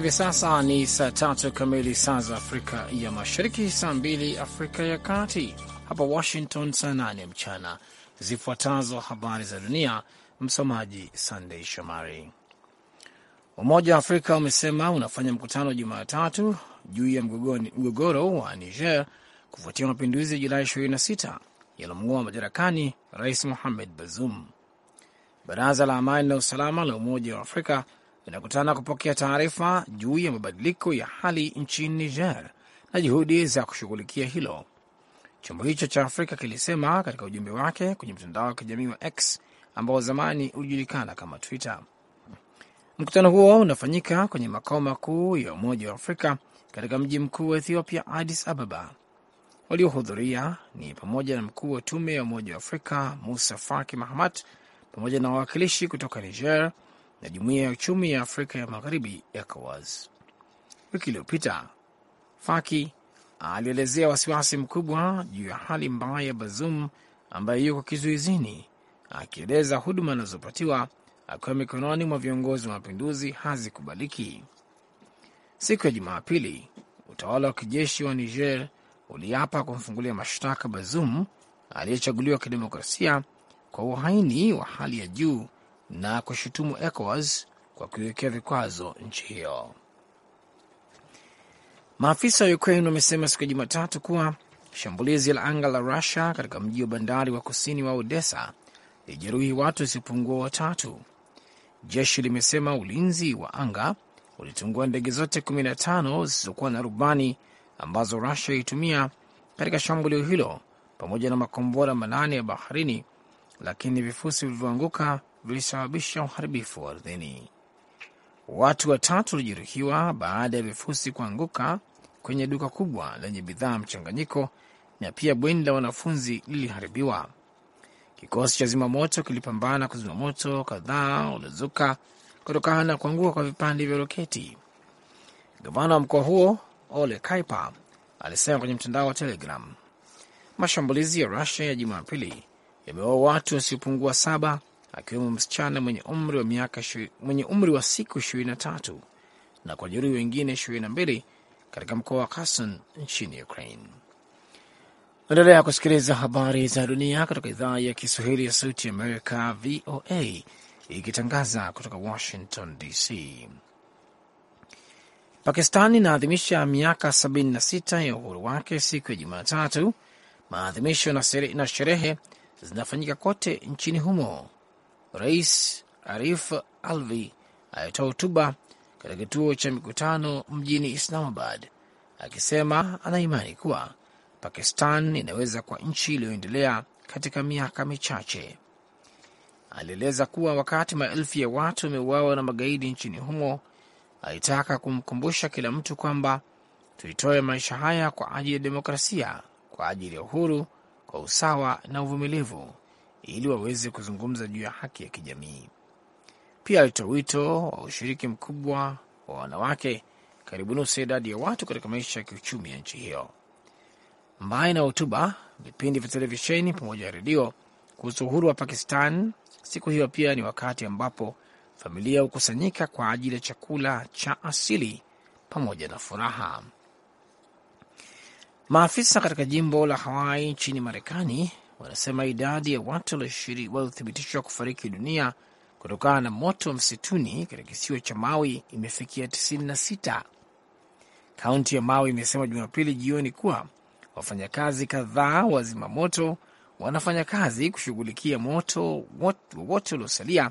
Hivi sasa ni saa tatu kamili saa za Afrika ya Mashariki, saa mbili Afrika ya Kati, hapa Washington saa nane mchana. Zifuatazo habari za dunia, msomaji Sandei Shomari. Umoja wa Afrika umesema unafanya mkutano Jumatatu juu ya mgogoro wa Niger kufuatia mapinduzi ya Julai 26 yalomgoa madarakani Rais Mohamed bazum Baraza la Amani na Usalama la Umoja wa Afrika inakutana kupokea taarifa juu ya mabadiliko ya hali nchini Niger na juhudi za kushughulikia hilo. Chombo hicho cha Afrika kilisema katika ujumbe wake kwenye mtandao wa kijamii wa X ambao zamani ulijulikana kama Twitter. Mkutano huo unafanyika kwenye makao makuu ya Umoja wa Afrika katika mji mkuu wa Ethiopia, Addis Ababa. Waliohudhuria ni pamoja na mkuu wa tume ya Umoja wa Afrika Musa Faki Mahamat pamoja na wawakilishi kutoka Niger, na Jumuiya ya Uchumi ya Afrika ya Magharibi, ECOWAS. Wiki iliyopita Faki alielezea wasiwasi mkubwa juu ya hali mbaya ya Bazoum ambaye yuko kizuizini, akieleza huduma anazopatiwa akiwa mikononi mwa viongozi wa mapinduzi hazikubaliki. Siku ya Jumapili, utawala wa kijeshi wa Niger uliapa kumfungulia mashtaka Bazoum aliyechaguliwa kidemokrasia kwa uhaini wa hali ya juu na kushutumu ECOWAS kwa kuiwekea vikwazo nchi hiyo. Maafisa wa Ukraine wamesema siku ya Jumatatu kuwa shambulizi la anga la Rusia katika mji wa bandari wa kusini wa Odessa lilijeruhi watu wasiopungua watatu. Jeshi limesema ulinzi wa anga ulitungua ndege zote 15 zisizokuwa na rubani ambazo Rusia ilitumia katika shambulio hilo pamoja na makombora manane ya baharini, lakini vifusi vilivyoanguka vilisababisha uharibifu wa ardhini. Watu watatu walijeruhiwa baada ya vifusi kuanguka kwenye duka kubwa lenye bidhaa mchanganyiko, na pia bweni la wanafunzi liliharibiwa. Kikosi cha zimamoto kilipambana kuzima moto kadhaa uliozuka kutokana na kuanguka kwa vipande vya roketi. Gavana wa mkoa huo Ole Kaipa alisema kwenye mtandao wa Telegram mashambulizi ya Rusia ya Jumapili yameua watu wasiopungua saba akiwemo msichana mwenye umri wa miaka mwenye umri wa siku ishirini na kwa jeruhi wengine mbili katika mkoa wa Kherson nchini Ukraine. Endelea kusikiliza habari za dunia kutoka idhaa ya Kiswahili ya Sauti Amerika, VOA, ikitangaza kutoka Washington DC. Pakistani inaadhimisha miaka 76 ya uhuru wake siku ya Jumatatu. Maadhimisho na sherehe zinafanyika kote nchini humo Rais Arif Alvi alitoa hotuba katika kituo cha mikutano mjini Islamabad akisema anaimani kuwa Pakistan inaweza kwa nchi iliyoendelea katika miaka michache. Alieleza kuwa wakati maelfu ya watu wameuawa na magaidi nchini humo, alitaka kumkumbusha kila mtu kwamba tuitoe maisha haya kwa ajili ya demokrasia, kwa ajili ya uhuru, kwa usawa na uvumilivu ili waweze kuzungumza juu ya haki ya kijamii. Pia alitoa wito wa ushiriki mkubwa wa wanawake, karibu nusu ya idadi ya watu katika maisha ya kiuchumi ya nchi hiyo. Mbali na hotuba, vipindi vya televisheni pamoja na redio kuhusu uhuru wa Pakistan, siku hiyo pia ni wakati ambapo familia hukusanyika kwa ajili ya chakula cha asili pamoja na furaha. Maafisa katika jimbo la Hawaii nchini Marekani wanasema idadi ya watu waliothibitishwa kufariki dunia kutokana na moto msituni katika kisiwa cha Maui imefikia 96. Kaunti ya Maui imesema Jumapili jioni kuwa wafanyakazi kadhaa wa zimamoto wanafanya kazi kushughulikia moto wowote uliosalia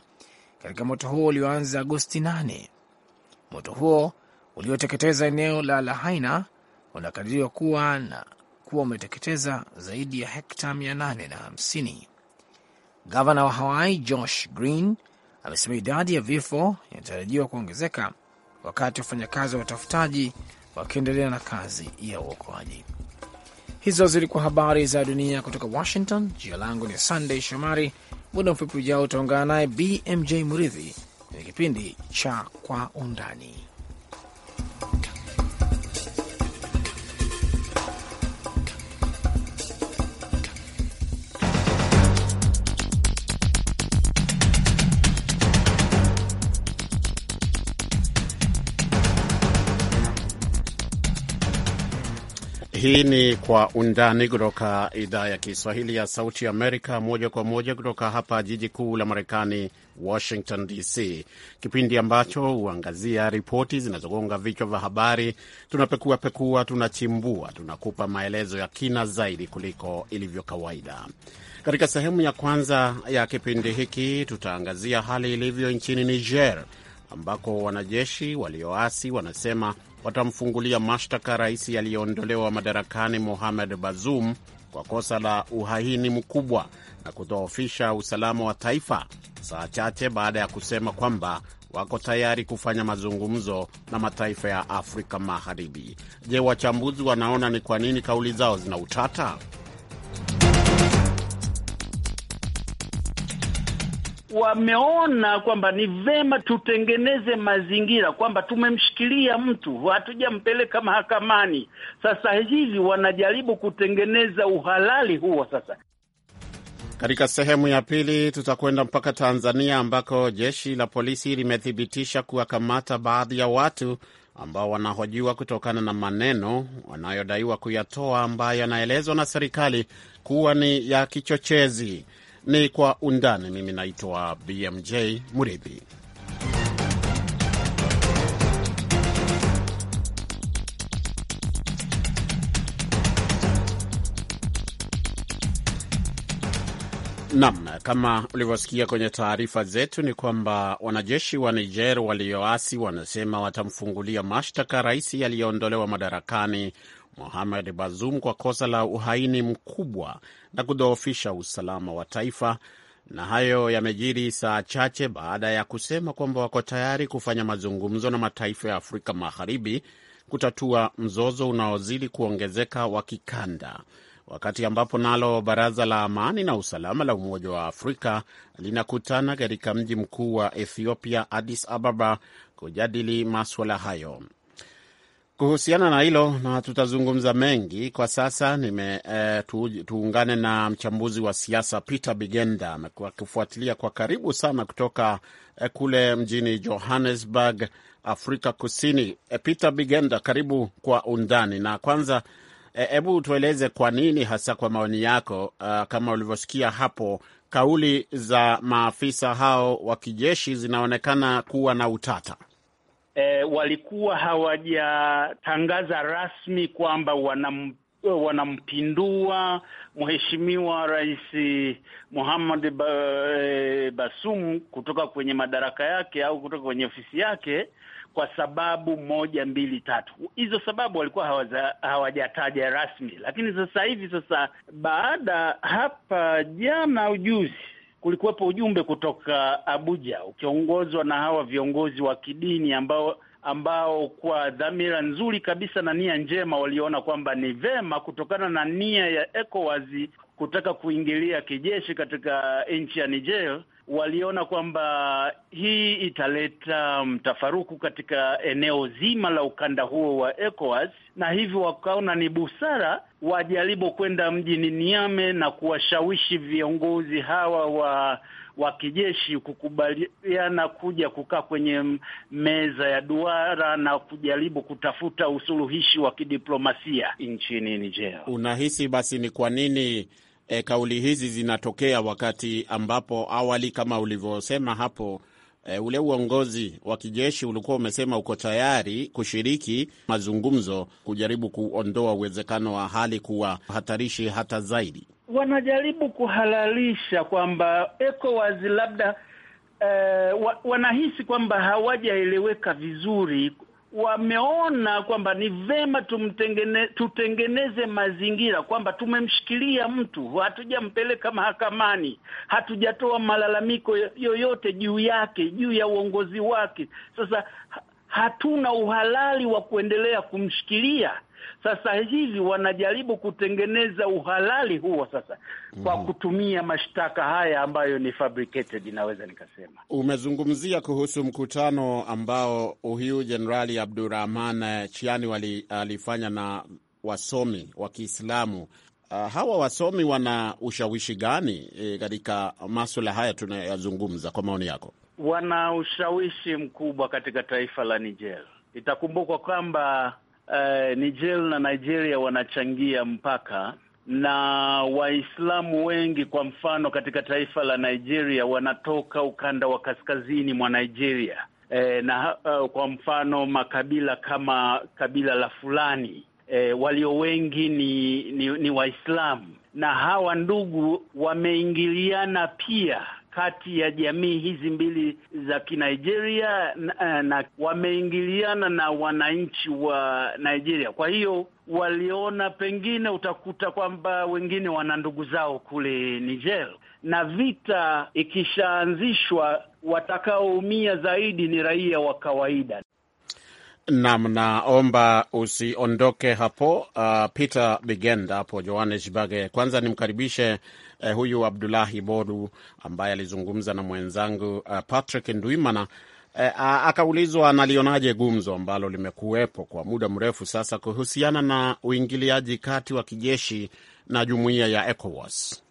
katika moto huo ulioanza Agosti 8. Moto huo ulioteketeza eneo la Lahaina unakadiriwa kuwa na ulikuwa umeteketeza zaidi ya hekta 850. Gavana wa Hawaii Josh Green amesema idadi ya vifo inatarajiwa kuongezeka wakati wafanyakazi wa utafutaji wakiendelea na kazi ya uokoaji. Hizo zilikuwa habari za dunia kutoka Washington. Jina langu ni sandey Shomari. Muda mfupi ujao utaungana naye BMJ Muridhi kwenye kipindi cha Kwa Undani. Hii ni Kwa Undani kutoka idhaa ya Kiswahili ya Sauti Amerika, moja kwa moja kutoka hapa jiji kuu la Marekani, Washington DC, kipindi ambacho huangazia ripoti zinazogonga vichwa vya habari. Tunapekua pekua, tunachimbua, tunakupa maelezo ya kina zaidi kuliko ilivyo kawaida. Katika sehemu ya kwanza ya kipindi hiki, tutaangazia hali ilivyo nchini Niger ambako wanajeshi walioasi wanasema watamfungulia mashtaka rais aliyeondolewa madarakani Mohamed Bazoum kwa kosa la uhaini mkubwa na kudhoofisha usalama wa taifa, saa chache baada ya kusema kwamba wako tayari kufanya mazungumzo na mataifa ya Afrika Magharibi. Je, wachambuzi wanaona ni kwa nini kauli zao zina utata? wameona kwamba ni vema tutengeneze mazingira kwamba tumemshikilia mtu, hatujampeleka mahakamani. Sasa hivi wanajaribu kutengeneza uhalali huo. Sasa katika sehemu ya pili tutakwenda mpaka Tanzania ambako jeshi la polisi limethibitisha kuwakamata baadhi ya watu ambao wanahojiwa kutokana na maneno wanayodaiwa kuyatoa ambayo yanaelezwa na serikali kuwa ni ya kichochezi ni Kwa Undani. Mimi naitwa BMJ Muridhi. Nam, kama ulivyosikia kwenye taarifa zetu ni kwamba wanajeshi wa Niger walioasi wanasema watamfungulia mashtaka rais aliyeondolewa madarakani Mohamed Bazoum kwa kosa la uhaini mkubwa na kudhoofisha usalama wa taifa, na hayo yamejiri saa chache baada ya kusema kwamba wako tayari kufanya mazungumzo na mataifa ya Afrika Magharibi kutatua mzozo unaozidi kuongezeka wa kikanda, wakati ambapo nalo baraza la amani na usalama la Umoja wa Afrika linakutana katika mji mkuu wa Ethiopia, Addis Ababa, kujadili maswala hayo. Kuhusiana na hilo na tutazungumza mengi kwa sasa nime, eh, tu, tuungane na mchambuzi wa siasa Peter Bigenda. Amekuwa akifuatilia kwa karibu sana kutoka eh, kule mjini Johannesburg, Afrika Kusini. Eh, Peter Bigenda, karibu kwa undani. Na kwanza eh, hebu eh, tueleze kwa nini hasa, kwa maoni yako, uh, kama ulivyosikia hapo, kauli za maafisa hao wa kijeshi zinaonekana kuwa na utata? e, walikuwa hawajatangaza rasmi kwamba wanam wanampindua mheshimiwa Rais Muhammad Basum eh, kutoka kwenye madaraka yake au kutoka kwenye ofisi yake kwa sababu moja mbili tatu. Hizo sababu walikuwa hawajataja rasmi, lakini sasa hivi, sasa baada hapa jana ujuzi kulikuwepo ujumbe kutoka Abuja ukiongozwa na hawa viongozi wa kidini ambao ambao kwa dhamira nzuri kabisa na nia njema waliona kwamba ni vema kutokana na nia ya ECOWAS kutaka kuingilia kijeshi katika nchi ya Niger waliona kwamba hii italeta mtafaruku um, katika eneo zima la ukanda huo wa ECOWAS, na hivyo wakaona ni busara wajaribu kwenda mjini Niame na kuwashawishi viongozi hawa wa wa kijeshi kukubaliana kuja kukaa kwenye meza ya duara na kujaribu kutafuta usuluhishi wa kidiplomasia nchini Niger. Unahisi basi ni kwa nini e, kauli hizi zinatokea wakati ambapo awali kama ulivyosema hapo e, ule uongozi wa kijeshi ulikuwa umesema uko tayari kushiriki mazungumzo kujaribu kuondoa uwezekano wa hali kuwa hatarishi hata zaidi. Wanajaribu kuhalalisha kwamba wazi labda Uh, wa, wanahisi kwamba hawajaeleweka vizuri wameona kwamba ni vema tumtengene, tutengeneze mazingira kwamba tumemshikilia mtu, hatujampeleka mahakamani, hatujatoa malalamiko yoyote juu yake, juu ya uongozi wake. Sasa hatuna uhalali wa kuendelea kumshikilia. Sasa hivi wanajaribu kutengeneza uhalali huo sasa kwa mm kutumia mashtaka haya ambayo ni fabricated, inaweza nikasema. Umezungumzia kuhusu mkutano ambao huyu Jenerali Abdurahman Chiani alifanya na wasomi wa Kiislamu. Uh, hawa wasomi wana ushawishi gani eh, katika e, maswala haya tunayazungumza, kwa maoni yako? wana ushawishi mkubwa katika taifa la Niger. Itakumbukwa kwamba uh, Niger na Nigeria wanachangia mpaka na Waislamu wengi kwa mfano katika taifa la Nigeria wanatoka ukanda wa kaskazini mwa Nigeria. E, na uh, kwa mfano makabila kama kabila la Fulani e, walio wengi ni ni, ni Waislamu na hawa ndugu wameingiliana pia kati ya jamii hizi mbili za Kinigeria na, eh, na wameingiliana na wananchi wa Nigeria. Kwa hiyo waliona pengine utakuta kwamba wengine wana ndugu zao kule Niger, na vita ikishaanzishwa watakaoumia zaidi ni raia wa kawaida. Nam, naomba usiondoke hapo. Uh, Peter Bigenda hapo Johannesburg. Kwanza nimkaribishe uh, huyu Abdulahi Bodu ambaye alizungumza na mwenzangu uh, Patrick Ndwimana. uh, akaulizwa analionaje gumzo ambalo limekuwepo kwa muda mrefu sasa kuhusiana na uingiliaji kati wa kijeshi na jumuiya ya ECOWAS.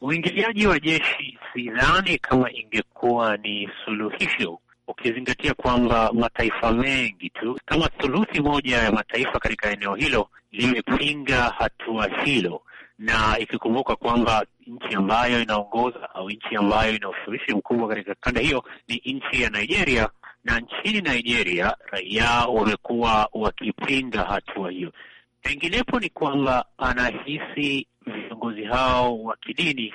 Uingiliaji wa jeshi sidhani kama ingekuwa ni suluhisho ukizingatia kwamba mataifa mengi tu kama thuluthi moja ya mataifa katika eneo hilo limepinga hatua hilo, na ikikumbuka kwamba nchi ambayo inaongoza au nchi ambayo ina ushawishi mkubwa katika kanda hiyo ni nchi ya Nigeria, na nchini Nigeria raia wamekuwa wakipinga hatua hiyo. Penginepo ni kwamba anahisi viongozi hao wa kidini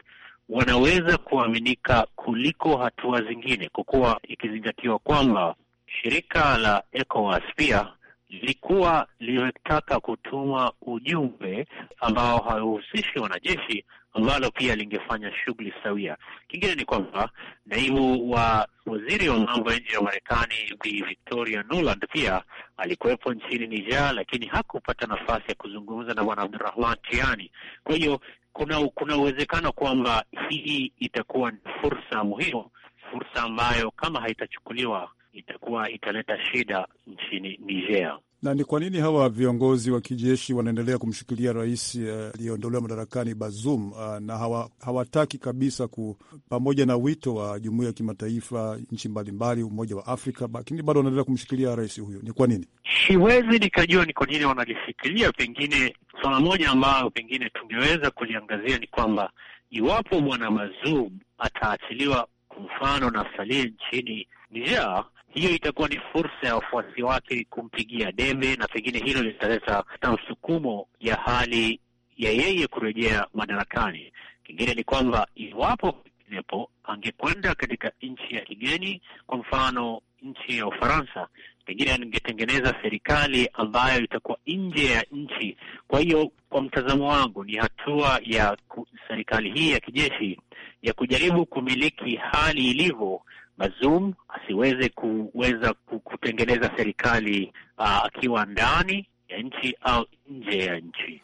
wanaweza kuaminika kuliko hatua zingine, kwa kuwa ikizingatiwa kwamba shirika la ECOWAS pia lilikuwa limetaka kutuma ujumbe ambao hauhusishi wanajeshi ambalo pia lingefanya shughuli sawia. Kingine ni kwamba naibu wa waziri wa mambo ya nje ya Marekani Bi Victoria Nuland pia alikuwepo nchini Niger, lakini hakupata nafasi ya kuzungumza na Bwana Abdurahman Tiani. Kwa hiyo kuna kuna uwezekano kwamba hii itakuwa ni fursa muhimu, fursa ambayo kama haitachukuliwa itakuwa italeta shida nchini Niger. Na ni kwa nini hawa viongozi wa kijeshi wanaendelea kumshikilia rais eh, aliyeondolewa uh, madarakani Bazoum uh, na hawa, hawataki kabisa ku, pamoja na wito wa jumuiya ya kimataifa, nchi mbalimbali, Umoja wa Afrika, lakini bado wanaendelea kumshikilia rais huyo, ni kwa nini? Siwezi nikajua ni kwa nini wanalishikilia. Pengine swala moja ambayo pengine tungeweza kuliangazia ni kwamba iwapo bwana Bazoum ataachiliwa, kwa mfano na salie nchini Niger hiyo itakuwa ni fursa ya wafuasi wake kumpigia debe, na pengine hilo litaleta na msukumo ya hali ya yeye kurejea madarakani. Kingine ni kwamba iwapo nepo angekwenda katika nchi ya kigeni, kwa mfano nchi ya Ufaransa, pengine angetengeneza serikali ambayo itakuwa nje ya nchi. Kwa hiyo, kwa mtazamo wangu, ni hatua ya serikali hii ya kijeshi ya kujaribu kumiliki hali ilivyo, mazum asiweze kuweza kutengeneza serikali uh, akiwa ndani ya nchi au nje ya nchi.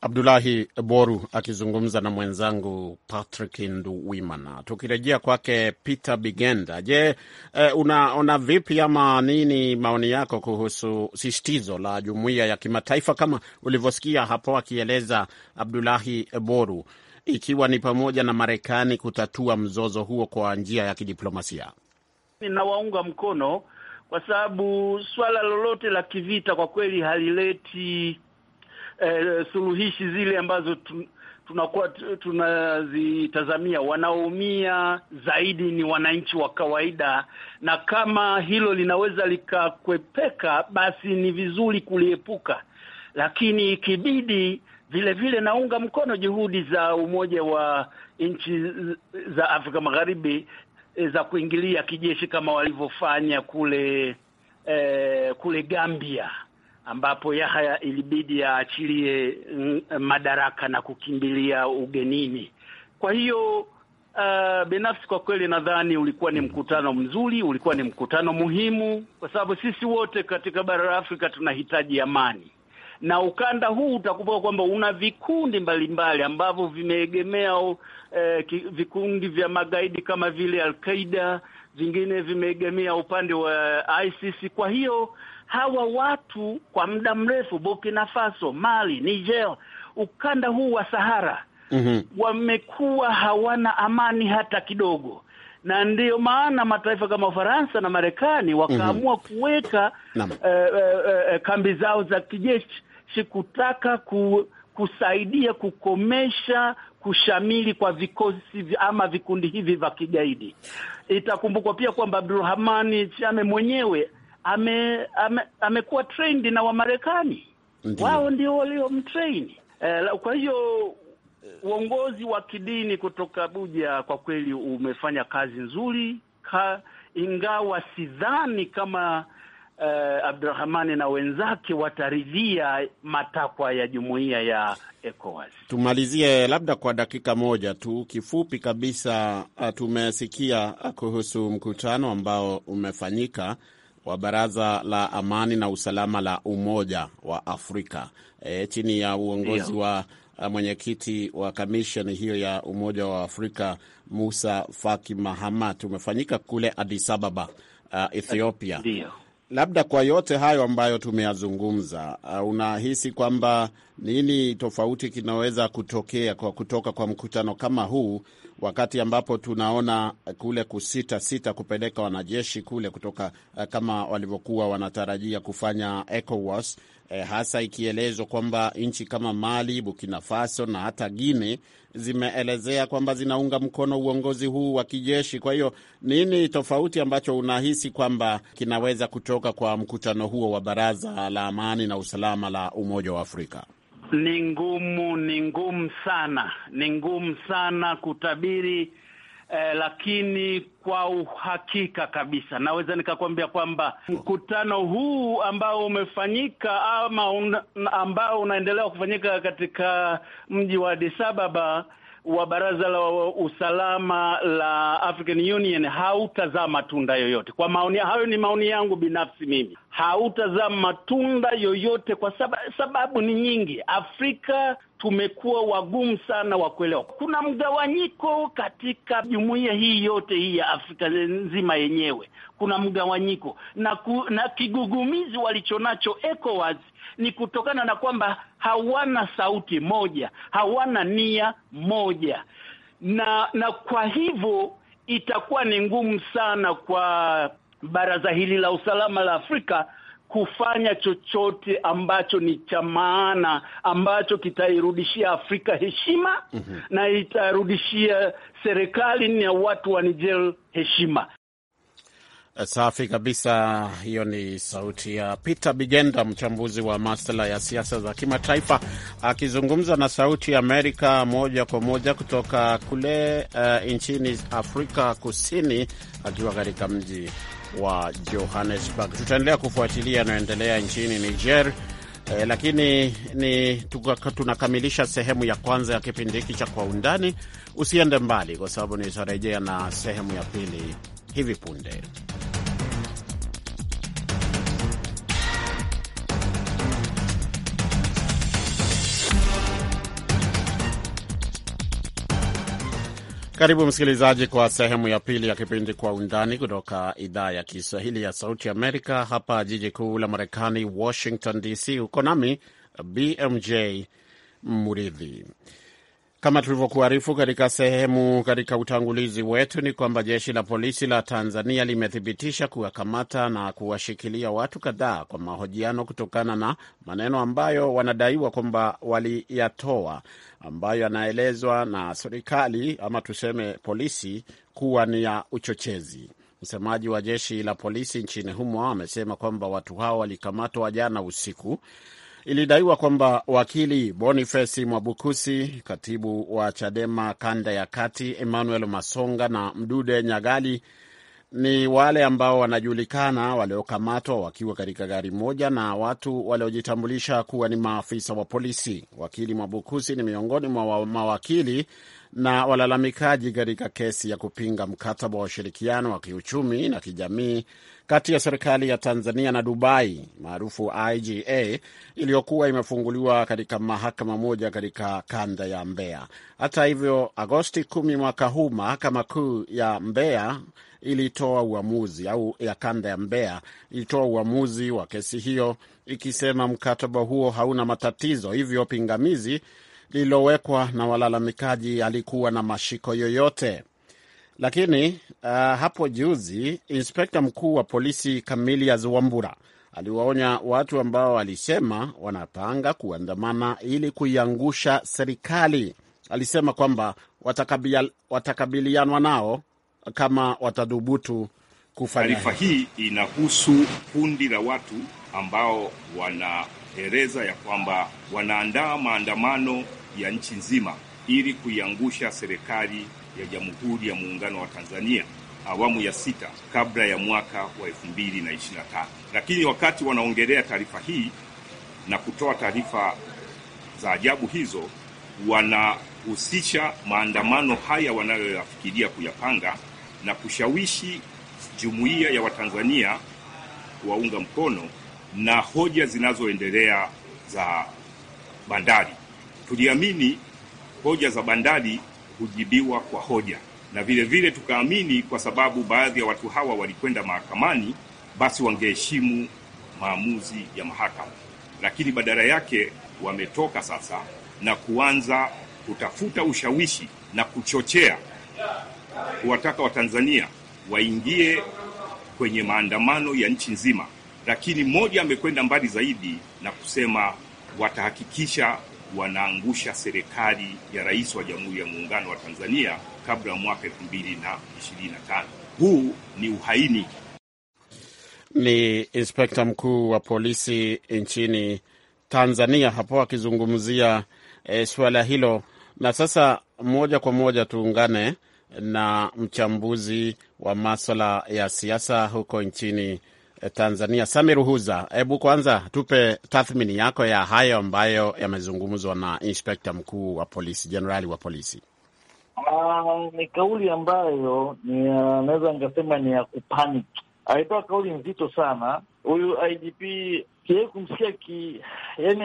Abdulahi Boru akizungumza na mwenzangu Patrick Nduwimana. Tukirejea kwake Peter Bigenda, je, eh, unaona vipi ama nini maoni yako kuhusu sisitizo la jumuiya ya kimataifa kama ulivyosikia hapo akieleza Abdulahi Boru, ikiwa ni pamoja na Marekani kutatua mzozo huo kwa njia ya kidiplomasia? Ninawaunga mkono kwa sababu swala lolote la kivita kwa kweli halileti eh, suluhishi zile ambazo tunakuwa tunazitazamia. Wanaoumia zaidi ni wananchi wa kawaida, na kama hilo linaweza likakwepeka, basi ni vizuri kuliepuka, lakini ikibidi vile vile naunga mkono juhudi za Umoja wa Nchi za Afrika Magharibi E, za kuingilia kijeshi kama walivyofanya kule eh, kule Gambia ambapo Yahya ilibidi aachilie mm, madaraka na kukimbilia ugenini. Kwa hiyo uh, binafsi kwa kweli nadhani ulikuwa ni mkutano mzuri, ulikuwa ni mkutano muhimu, kwa sababu sisi wote katika bara la Afrika tunahitaji amani na ukanda huu utakumbuka kwamba una vikundi mbalimbali ambavyo vimeegemea eh, vikundi vya magaidi kama vile al vingine vimeegemea upande wa ISIS. Kwa hiyo hawa watu kwa muda mrefu, Burkina Faso, Mali, Niger, ukanda huu wa Sahara mm -hmm. wamekuwa hawana amani hata kidogo na ndiyo maana mataifa kama Ufaransa na Marekani wakaamua mm -hmm. kuweka eh eh, eh, eh, kambi zao za kijeshi sikutaka ku, kusaidia kukomesha kushamili kwa vikosi ama vikundi hivi vya kigaidi. Itakumbukwa pia kwamba abdurahmani Chame mwenyewe ame, ame, amekuwa trained na Wamarekani, wao ndio waliomtraini. E, eh, kwa hiyo uongozi wa kidini kutoka Abuja kwa kweli umefanya kazi nzuri ka, ingawa sidhani kama uh, eh, Abdurahmani na wenzake wataridhia matakwa ya jumuiya ya ECOWAS. Tumalizie labda kwa dakika moja tu kifupi kabisa. Eh, tumesikia eh, kuhusu mkutano ambao umefanyika wa Baraza la Amani na Usalama la Umoja wa Afrika e, chini ya uongozi wa mwenyekiti wa kamisheni hiyo ya Umoja wa Afrika Musa Faki Mahamat umefanyika kule Addis Ababa, uh, Ethiopia. Labda kwa yote hayo ambayo tumeyazungumza, uh, unahisi kwamba nini tofauti kinaweza kutokea kwa kutoka kwa mkutano kama huu, wakati ambapo tunaona kule kusita sita kupeleka wanajeshi kule kutoka eh, kama walivyokuwa wanatarajia kufanya ECOWAS, eh, hasa ikielezwa kwamba nchi kama Mali, Burkina Faso na hata guine zimeelezea kwamba zinaunga mkono uongozi huu wa kijeshi. Kwa hiyo nini tofauti ambacho unahisi kwamba kinaweza kutoka kwa mkutano huo wa Baraza la Amani na Usalama la Umoja wa Afrika? Ni ngumu, ni ngumu sana, ni ngumu sana kutabiri eh, lakini kwa uhakika kabisa naweza nikakwambia kwamba mkutano huu ambao umefanyika ama un, ambao unaendelea kufanyika katika mji wa Addis Ababa wa Baraza la Usalama la African Union hautazaa matunda yoyote. Kwa maoni hayo, ni maoni yangu binafsi mimi hautazaa matunda yoyote kwa sababu, sababu ni nyingi. Afrika tumekuwa wagumu sana wa kuelewa. Kuna mgawanyiko katika jumuiya hii yote hii ya Afrika nzima yenyewe, kuna mgawanyiko na, ku, na kigugumizi walichonacho ECOWAS ni kutokana na kwamba hawana sauti moja, hawana nia moja, na na kwa hivyo itakuwa ni ngumu sana kwa baraza hili la usalama la Afrika kufanya chochote ambacho ni cha maana ambacho kitairudishia Afrika heshima mm -hmm. na itarudishia serikali na watu wa Niger heshima. Safi kabisa. Hiyo ni sauti ya Peter Bigenda, mchambuzi wa masuala ya siasa za kimataifa, akizungumza na Sauti ya Amerika moja kwa moja kutoka kule uh, nchini Afrika Kusini, akiwa katika mji wa Johannesburg. Tutaendelea kufuatilia yanayoendelea nchini Niger. Eh, lakini ni tunakamilisha sehemu ya kwanza ya kipindi hiki cha Kwa Undani. Usiende mbali, kwa sababu nitarejea na sehemu ya pili hivi punde. Karibu msikilizaji kwa sehemu ya pili ya kipindi Kwa Undani kutoka idhaa ya Kiswahili ya Sauti Amerika, hapa jiji kuu la Marekani, Washington DC. Uko nami BMJ Muridhi. Kama tulivyokuarifu katika sehemu katika utangulizi wetu ni kwamba jeshi la polisi la Tanzania limethibitisha kuwakamata na kuwashikilia watu kadhaa kwa mahojiano kutokana na maneno ambayo wanadaiwa kwamba waliyatoa, ambayo yanaelezwa na serikali ama tuseme polisi kuwa ni ya uchochezi. Msemaji wa jeshi la polisi nchini humo amesema kwamba watu hao walikamatwa jana usiku Ilidaiwa kwamba wakili Boniface Mwabukusi, katibu wa Chadema kanda ya kati Emmanuel Masonga na Mdude Nyagali ni wale ambao wanajulikana waliokamatwa wakiwa katika gari moja na watu waliojitambulisha kuwa ni maafisa wa polisi. Wakili Mwabukusi ni miongoni mwa mawakili na walalamikaji katika kesi ya kupinga mkataba wa ushirikiano wa kiuchumi na kijamii kati ya serikali ya Tanzania na Dubai maarufu IGA iliyokuwa imefunguliwa katika mahakama moja katika kanda ya Mbeya. Hata hivyo, Agosti kumi mwaka huu mahakama kuu ya Mbeya ilitoa uamuzi au ya kanda ya Mbeya ilitoa uamuzi wa kesi hiyo ikisema mkataba huo hauna matatizo, hivyo pingamizi lililowekwa na walalamikaji alikuwa na mashiko yoyote. Lakini uh, hapo juzi inspekta mkuu wa polisi Kamilia Zuambura aliwaonya watu ambao walisema wanapanga kuandamana ili kuiangusha serikali. Alisema kwamba watakabilianwa nao kama watadhubutu kufanya. Taarifa hii inahusu kundi la watu ambao wanaeleza ya kwamba wanaandaa maandamano ya nchi nzima ili kuiangusha serikali ya Jamhuri ya Muungano wa Tanzania awamu ya sita kabla ya mwaka wa tano. Lakini wakati wanaongelea taarifa hii na kutoa taarifa za ajabu hizo, wanahusisha maandamano haya wanayoyafikiria kuyapanga na kushawishi jumuiya ya Watanzania kuwaunga mkono na hoja zinazoendelea za bandari. Tuliamini hoja za bandari hujibiwa kwa hoja, na vile vile tukaamini kwa sababu baadhi ya watu hawa walikwenda mahakamani, basi wangeheshimu maamuzi ya mahakama, lakini badala yake wametoka sasa na kuanza kutafuta ushawishi na kuchochea kuwataka Watanzania waingie kwenye maandamano ya nchi nzima, lakini mmoja amekwenda mbali zaidi na kusema watahakikisha wanaangusha serikali ya rais wa Jamhuri ya Muungano wa Tanzania kabla ya mwaka elfu mbili na ishirini na tano. Huu ni uhaini. Ni inspekta mkuu wa polisi nchini Tanzania hapo akizungumzia e, suala hilo. Na sasa moja kwa moja tuungane na mchambuzi wa maswala ya siasa huko nchini eh, Tanzania, Samir Huza. Hebu kwanza tupe tathmini yako ya hayo ambayo yamezungumzwa na inspekta mkuu wa polisi, jenerali wa polisi. Uh, ni kauli ambayo ah, naweza nikasema ni ya kupanic. Alitoa kauli nzito sana huyu IGP, siwezi kumsikia ki, yani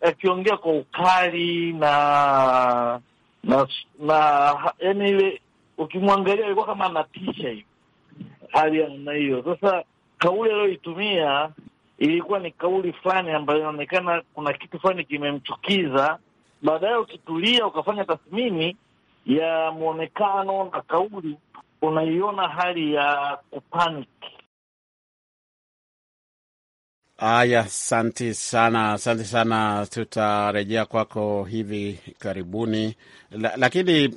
akiongea kwa ukali na na, na yani ile ukimwangalia alikuwa kama anatisha hivi, hali ya namna hiyo. Sasa kauli aliyoitumia ilikuwa ni kauli fulani ambayo inaonekana kuna kitu fulani kimemchukiza. Baadaye ukitulia ukafanya tathmini ya mwonekano na kauli, unaiona hali ya kupaniki. Haya, asante sana, asante sana. Tutarejea kwako hivi karibuni. La, lakini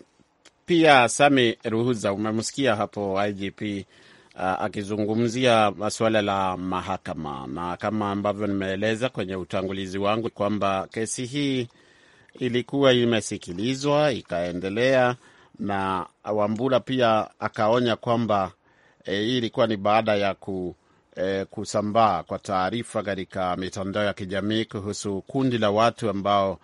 pia Sami Ruhuza, umemsikia hapo IGP uh, akizungumzia masuala la mahakama, na kama ambavyo nimeeleza kwenye utangulizi wangu kwamba kesi hii ilikuwa imesikilizwa ikaendelea, na Wambura pia akaonya kwamba eh, hii e, ilikuwa ni baada ya ku E, kusambaa kwa taarifa katika mitandao ya kijamii kuhusu kundi la watu ambao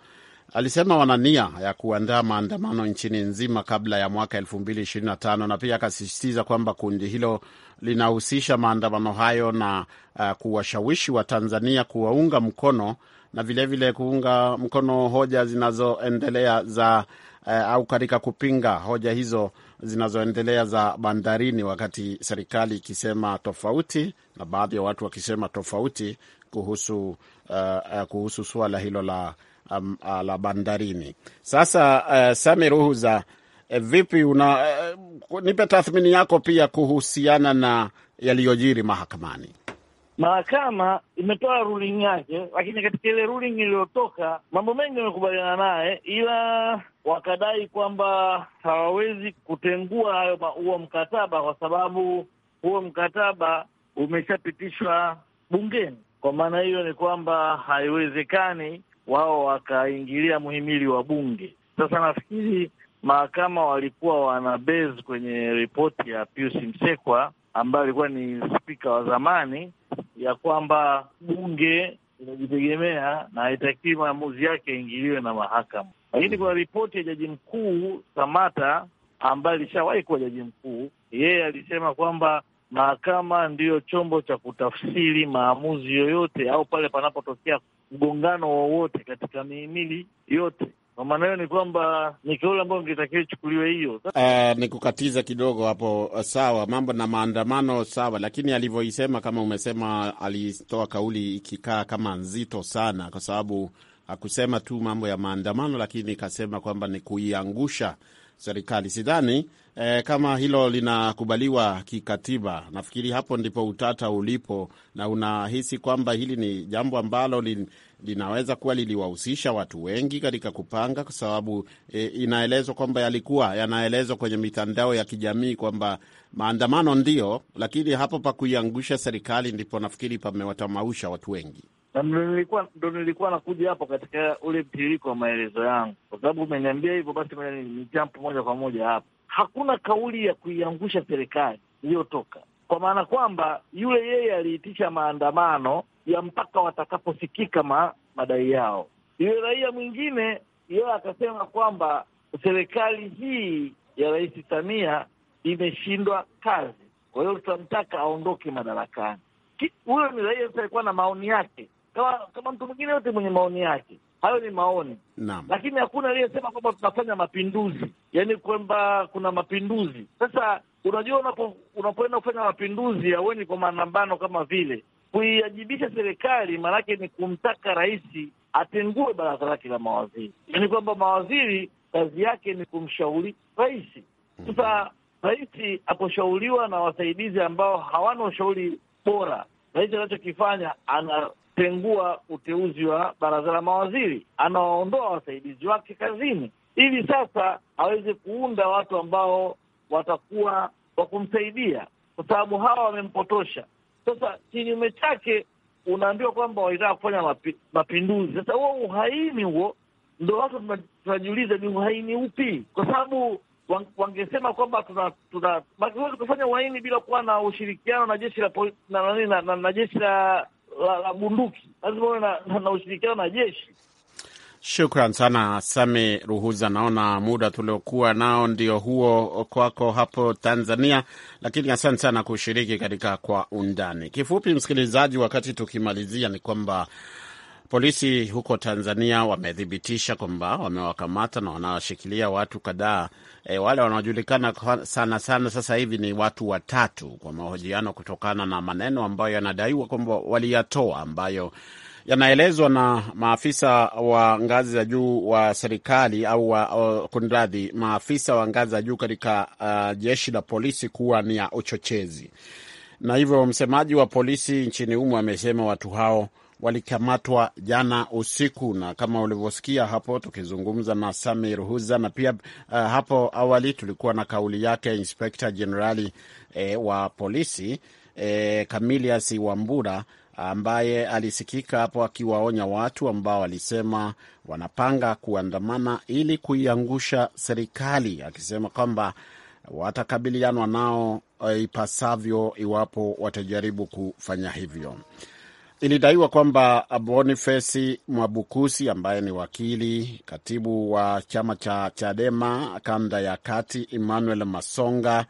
Alisema wana nia ya kuandaa maandamano nchini nzima kabla ya mwaka 2025 na pia akasisitiza kwamba kundi hilo linahusisha maandamano hayo na uh, kuwashawishi Watanzania kuwaunga mkono na vilevile vile kuunga mkono hoja zinazoendelea za uh, au katika kupinga hoja hizo zinazoendelea za bandarini, wakati serikali ikisema tofauti na baadhi ya watu wakisema tofauti kuhusu, uh, uh, kuhusu suala hilo la um, la bandarini. Sasa uh, Sami Ruhuza, uh, vipi una uh, nipe tathmini yako pia kuhusiana na yaliyojiri mahakamani. Mahakama imetoa ruling yake, lakini katika ile ruling iliyotoka mambo mengi wamekubaliana naye, ila wakadai kwamba hawawezi kutengua hayo huo mkataba kwa sababu huo mkataba umeshapitishwa bungeni. Kwa maana hiyo ni kwamba haiwezekani wao wakaingilia muhimili wa bunge. Sasa nafikiri mahakama walikuwa wana base kwenye ripoti ya Pius Msekwa ambaye alikuwa ni spika wa zamani, ya kwamba bunge inajitegemea na haitakiwi maamuzi yake yaingiliwe na mahakama. Lakini kuna ripoti ya jaji mkuu Samata ambaye alishawahi kuwa jaji mkuu, yeye alisema kwamba mahakama ndiyo chombo cha kutafsiri maamuzi yoyote au pale panapotokea mgongano wowote katika mihimili yote. Kwa maana hiyo ni kwamba ni kauli ambayo ingetakiwa ichukuliwe hiyo. Eh, ni kukatiza kidogo hapo. Sawa, mambo na maandamano sawa, lakini alivyoisema kama umesema, alitoa kauli ikikaa kama nzito sana, kwa sababu hakusema tu mambo ya maandamano, lakini ikasema kwamba ni kuiangusha serikali. Sidhani e, kama hilo linakubaliwa kikatiba, nafikiri hapo ndipo utata ulipo, na unahisi kwamba hili ni jambo ambalo lin, linaweza kuwa liliwahusisha watu wengi katika kupanga, kwa sababu e, inaelezwa kwamba yalikuwa yanaelezwa kwenye mitandao ya kijamii kwamba maandamano ndio, lakini hapo pa kuiangusha serikali ndipo nafikiri pamewatamausha watu wengi ndo nilikuwa nakuja hapo katika ule mtiririko wa maelezo yangu, kwa sababu umeniambia hivyo, basi ni jampo moja kwa moja hapo hakuna kauli ya kuiangusha serikali iliyotoka, kwa maana kwamba yule yeye aliitisha maandamano ya mpaka watakaposikika ma, madai yao. Yule raia mwingine yeye akasema kwamba serikali hii ya Rais Samia imeshindwa kazi, kwa hiyo tutamtaka aondoke madarakani. Huyo ni raia alikuwa na maoni yake kama, kama mtu mwingine yote mwenye maoni yake. Hayo ni maoni naam, lakini hakuna aliyesema kwamba tunafanya mapinduzi, yaani kwamba kuna mapinduzi. Sasa unajua, unapo unapoenda kufanya mapinduzi aweni kwa manambano kama vile kuiajibisha serikali, maanake ni kumtaka rais atengue baraza lake la mawaziri, yaani kwamba mawaziri kazi yake ni kumshauri rais. Sasa rais aposhauriwa na wasaidizi ambao hawana ushauri bora, rais anachokifanya ana kutengua uteuzi wa baraza la mawaziri, anawaondoa wasaidizi wake kazini, ili sasa aweze kuunda watu ambao watakuwa wa kumsaidia, kwa sababu hawa wamempotosha. Sasa kinyume chake unaambiwa kwamba walitaka kufanya mapi, mapinduzi. Sasa huo uhaini huo ndo watu tunajiuliza ni uhaini upi? Kwa sababu wangesema kwamba tuna, tuna, kufanya uhaini bila kuwa na ushirikiano na jeshi la na, na, na, na, na jeshi la la, la bunduki, lazima uwe na, na, na ushirikiano na jeshi. Shukran sana Sami Ruhuza. Naona muda tuliokuwa nao ndio huo kwako hapo Tanzania, lakini asante sana kushiriki katika Kwa Undani. Kifupi msikilizaji, wakati tukimalizia ni kwamba Polisi huko Tanzania wamethibitisha kwamba wamewakamata na wanawashikilia watu kadhaa. E, wale wanaojulikana sana sana sasa hivi ni watu watatu kwa mahojiano, kutokana na maneno ambayo yanadaiwa kwamba waliyatoa ambayo yanaelezwa na maafisa wa ngazi za juu wa serikali au kundradhi, maafisa wa ngazi za juu katika uh, jeshi la polisi kuwa ni ya uchochezi, na hivyo msemaji wa polisi nchini humo amesema watu hao walikamatwa jana usiku, na kama ulivyosikia hapo tukizungumza na Samir Huza, na pia uh, hapo awali tulikuwa na kauli yake Inspekta Jenerali eh, wa polisi eh, Camilias Wambura ambaye alisikika hapo akiwaonya watu ambao walisema wanapanga kuandamana ili kuiangusha serikali, akisema kwamba watakabilianwa nao eh, ipasavyo iwapo watajaribu kufanya hivyo. Ilidaiwa kwamba Bonifesi Mwabukusi ambaye ni wakili, katibu wa chama cha Chadema kanda ya kati, Emmanuel Masonga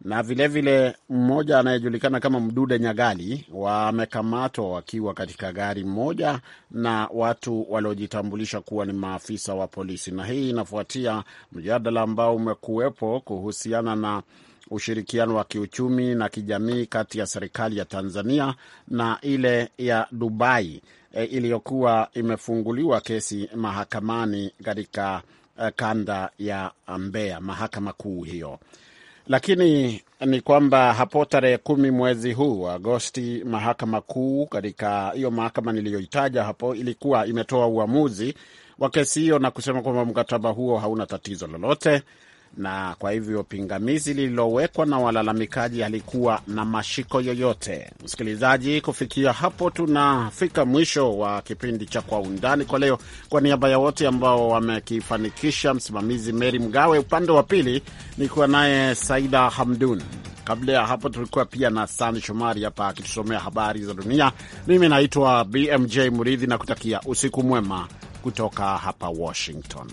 na vilevile mmoja anayejulikana kama Mdude Nyagali wamekamatwa wakiwa katika gari moja na watu waliojitambulisha kuwa ni maafisa wa polisi, na hii inafuatia mjadala ambao umekuwepo kuhusiana na ushirikiano wa kiuchumi na kijamii kati ya serikali ya Tanzania na ile ya Dubai e, iliyokuwa imefunguliwa kesi mahakamani katika e, kanda ya Mbeya, mahakama kuu hiyo. Lakini ni kwamba hapo tarehe kumi mwezi huu Agosti, mahakama kuu katika hiyo mahakama niliyoitaja hapo ilikuwa imetoa uamuzi wa kesi hiyo na kusema kwamba mkataba huo hauna tatizo lolote na kwa hivyo pingamizi lililowekwa na walalamikaji halikuwa na mashiko yoyote. Msikilizaji, kufikia hapo tunafika mwisho wa kipindi cha Kwa Undani kwa leo. Kwa niaba ya wote ambao wamekifanikisha, msimamizi Meri Mgawe, upande wa pili nikuwa naye Saida Hamdun. Kabla ya hapo tulikuwa pia na Sani Shomari hapa akitusomea habari za dunia. Mimi naitwa BMJ Muridhi na kutakia usiku mwema kutoka hapa Washington.